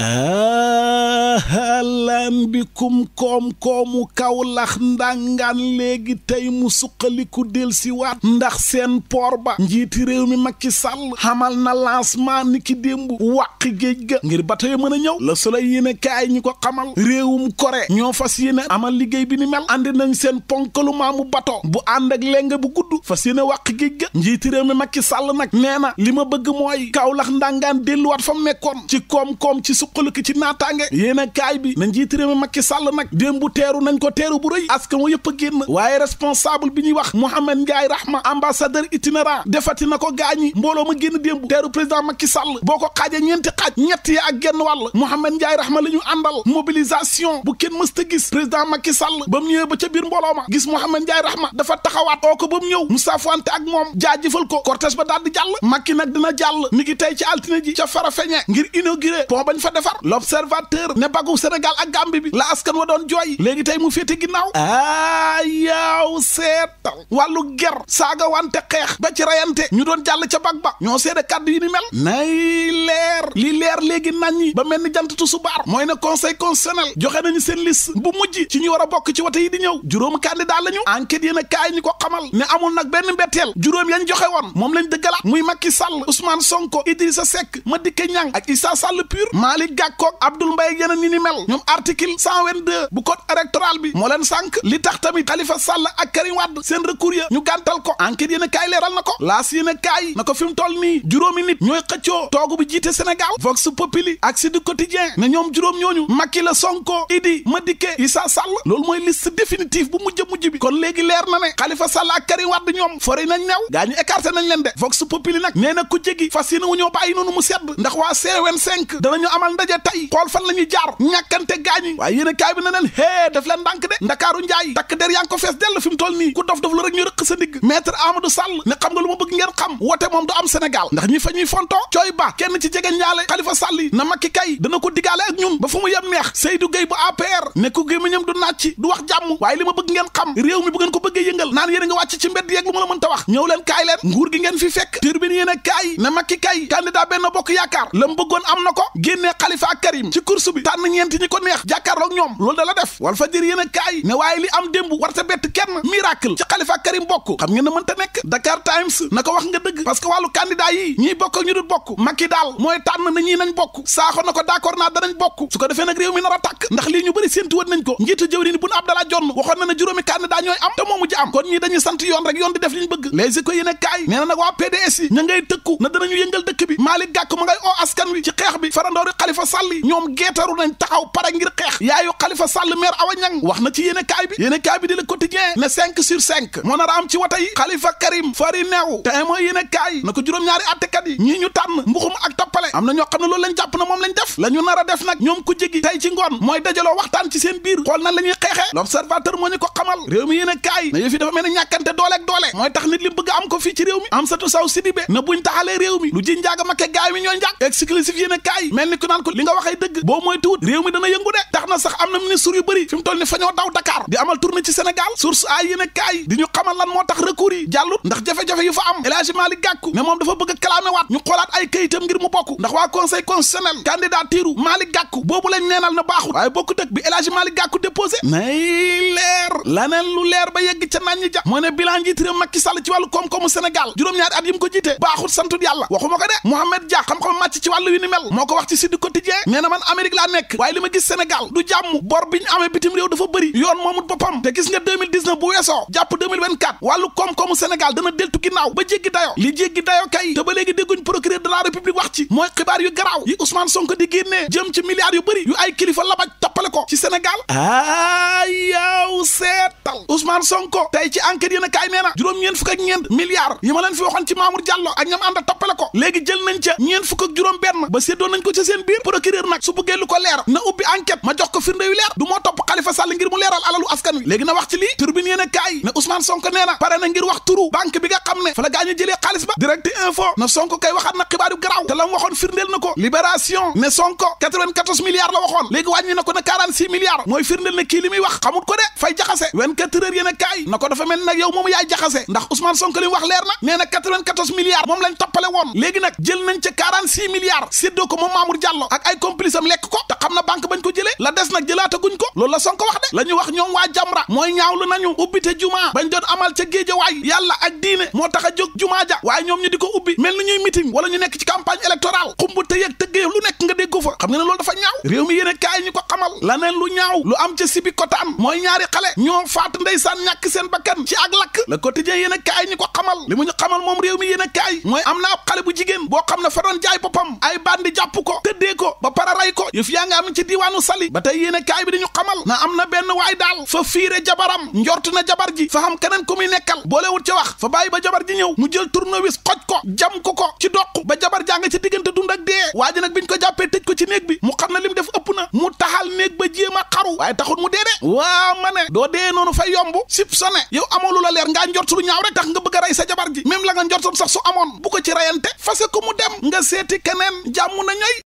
Uh, mbikum koom-koomu Kawlax ndàngaan léegi tey mu suqaliku del siwaat ndax seen port ba njiiti réew mi Macky Sall xamal na lancement ni ki démb wàq géej ga ngir bato ya mën a ñëw la Soleil yéene a kaay ñi ko xamal réewum Corée ñoo fas yéene amal liggéey bi ni mel andi nañ seen ponkalu maamu bato bu ànd ak leng bu gudd fas yéene wàq géej ga njiiti réew mi Macky sàll nag nee na li ma bëgg mooy Kawlax ndàngaan waat fa mu nekkoon ci koom-koom ci suqaliku ci naataange yéen kaay bi na njiiti réew mi Macky Sall nag démb teeru nañ ko teeru bu rëy askan wa yëpp a génn waaye responsable bi ñuy wax Mouhamed Ndiaye Rahma ambassadeur itinérant defati na ko gaañi mbooloo ma génn démb teeru président Macky Sall boo ko xaaje ñeenti xaaj ñett ya ak genn wàll Mouhamed Ndiaye Rahma la ñu àndal mobilisation bu kenn mës ta gis président Macky Sall ba mu ñëwee ba ca biir mbooloo ma gis Mouhamed Ndiaye Rahma dafa taxawaat oo ko ba mu ñëw mu saafuwante ak moom jaajëfal ko cortège ba daal di jàll Macky nag dina jàll mi ngi tey ci altine fa defar l'observateur ne Gàmbi bi la askan wa doon jooy léegi tey mu féete ginnaaw aa ah, yaaw seetal wàllu ger saaga wante xeex ba ci rayante ñu doon jàll ca bag ba ñoo seede kàddu yi ni mel nay leer li leer léegi nañ ba mel ni jant tusubaar mooy ne conseil constitutionnel joxe nañu seen liste bu mujj ci ñu war a bokk ci wote yi di ñëw juróom candidat la ñu enquête yéen a kaay ko xamal ne amul nag benn mbetteel juróom yañ joxe woon moom lañ dëggalaat muy Macky Sall Ousmane Sonko Idrissa Seck Madické Niang ak Issa Sall pur Malick Gakou Abdoul Mbaye yeneen ni ni mel ñoom article 122 bu code électoral bi moo leen sànk li tax tamit Khalifa Sall ak Karim Wade seen recours ya ñu gàntal ko enquête yéen a kaay leeral na ko laas yéen a kaay na ko fi mu toll nii juróomi nit ñooy xëccoo toogu bi jiite Sénégal Vox Populi ak Sud Quotidien ne ñoom juróom ñooñu Macky la Sonko Idi Madické Issa Sall loolu mooy liste définitive bu mujj mujj bi kon léegi leer na ne Khalifa Sall ak Karim Wade ñoom fori nañ gaa ñu écarté nañ leen de Vox Populi na ñoo bàyyi noonu mu sedd ndax waa COP25 danañu amal ndaje la ñuy jaar ñàkkante gaay gaañi waaye yéen a kaay bi na leen hee daf leen ndànk de ndakaaru njaay takk der ko fees dell fi mu nii ku dof dof la rek ñu rëq sa ndigg maître Amadou Sall ne xam nga lu ma bëgg ngeen xam wote moom du am Sénégal ndax ñi fa ñuy fonto cooy ba kenn ci jege ñaale Khalifa Sall na makki kay dana ko digaale ak ñun ba fu mu yem neex Seydou Gueye bu APR ne ku gémmiñam du nàcc du wax jàmm waaye li ma bëgg ngeen xam réew mi bu ngeen fi fekk turbine jàkkaarloog ñoom loolu da la def Walfadjri yéen a kaay ne waaye li am démb warta bett kenn miracle ci Khalifa Karim bokk xam ngeen ne mënta nekk Dakar Times na ko wax nga dëgg parce que wàllu candidat yi ñiy bokk ak ñu dul bokk Macky daal mooy tànn na ñii nañ bokk saaxo ko d'accord naa danañ bokk su ko defee nag réew mi nar a tàkk ndax lii ñu bëri séentu nañ ko njiitu jëwriñ Boun Abdallah Dionne waxoon na ne juróomi candidat ñooy am te moomu ji am kon ñii dañuy sant yoon rek yoon di def li ñu a kaay nee na nag waa PDS yi ña ngay tëkku xeex yaayu Khalifa Sall maire Awa Niang wax na ci yéene kaay bi yéene kaay bi di Le Quotidien ne moo nar a am ci wata yi Khalifa Karim fari neew mooy yéene kaay na ko juróom-ñaari attekat yi ñii tànn mbuxum ak tappale am na ñoo xam ne loolu lañ jàpp na moom lañ def la nar a def nag ñoom ku jégi tey ci ngoon mooy dajaloo waxtaan ci seen biir xool nan la ñuy xeexee l'observateur moo ñu ko xamal réew mi yéene kaay na yëf yi dafa mel ñàkkante doole ak doole mooy na buñ tax na sax am na ministre yu bëri fi mu toll ni fa ñoo daw Dakar di amal tournée ci Sénégal source ay yéen a kaay di ñu xamal lan moo tax recours yi ndax jafe-jafe yu fa am El Hadji Malick ne moom dafa bëgg a kalaame waat ñu xoolaat ay kayitam ngir mu bokk ndax waa conseil constitutionnel candidature Malick Gakou boobu lañ neenal na baaxut waaye bokku tëg bi El Hadji Malick Gakou nay leer laneen lu leer ba yegg ca naan ja moo ne bilan njiit ci wàllu koom-koomu Sénégal juróom-ñaari at yi mu ko jiite baaxut santut yàlla waxuma ko de wax ci Sud Quotidien nee na man Amérique laa nekk Sénégal du jàmm bor bi ñu bitim réew dafa bëri yoon moomut boppam te gis bu weesoo jàpp 2024 wàllu koom dana deltu ginnaaw ba jéggi dayo li jéggi dayo kay te ba léegi dégguñ procureur de la république wax ci mooy xibaar yu garaaw yi Ousmane Sonko di génnee jëm ci milliards yu bëri yu ay kilifa labaj toppale ko ci Sénégal aya Sonko tey ci enquête yéen kaay nee juróom-ñeent fukk ak ñeent milliards ma fi waxoon ci Mamour Diallo ak ñam a toppale ko léegi jël nañ ca ñeent fukk juróom benn ba séddoo ko ci seen biir procureur nag su ko leer na ubbi enquête ma jox ko firnde leer du moo topp Khalifa Sall ngir mu leeral alalu askan léegi na wax ci lii turbine yéen kaay ne Ousmane Sonko nee pare na ngir wax turu banque bi nga xam ne fa la gaañu xaalis ba direct info l'observateur yéen na ko dafa mel nag yow moom yaay jaxase ndax Ousmane Sonko li wax leer na nee na moom lañ toppale woon léegi nag jël nañ ca 46 milliards ko moom Mamour Diallo ak ay complice lekk ko te xam na banque bañ ko jëlee la des nag jëlaata guñ ko loolu la Sonko wax de la wax ñoom waa Jamra mooy ñaawlu nañu ubbite jumaa bañ doon amal ca géejawaay yàlla ak diine moo tax a jóg jumaa ja waaye ñoom ñu di ko ubbi mel ni ñuy meeting amal laneen lu ñaaw lu am ca sibi kotaan mooy ñaari xale ñoo faat ndeysaan ñàkk seen bakkan ci ak lakk le quotidien yéen a kaay ñi ko xamal li mu ñu xamal moom réew mi yéen a kaay mooy am na ab bu jigéen boo xam ne fa doon jaay boppam ay bandi jàpp ko tëddee ko ba para ko yëf yaa nga am ci diiwaanu sali ba tey yéen a kaay bi di ñu xamal na am na benn waay daal fa fiire jabaram njort na jabar ji fa xam keneen ko muy nekkal boolewut ca wax fa bàyyi ba jabar ji ñëw mu jël tournevis xoj ko jam ko ko ci doq ba jabar jaa nga ci diggante dund ak waa ji nag biñ ko jàppee tëj ko ci néeg bi mu xam na lim def ëpp na mu laal néeg ba jéem a xaru waaye taxul mu dee de waa ma ne doo dee noonu fa yomb sip sone yow lu la leer ngaa njortu lu ñaaw rek tax nga bëgg a sa jabar ji même la nga njortoon sax su amoon bu ko ci reyante fa ko mu dem nga seeti keneen jàmm na ñooy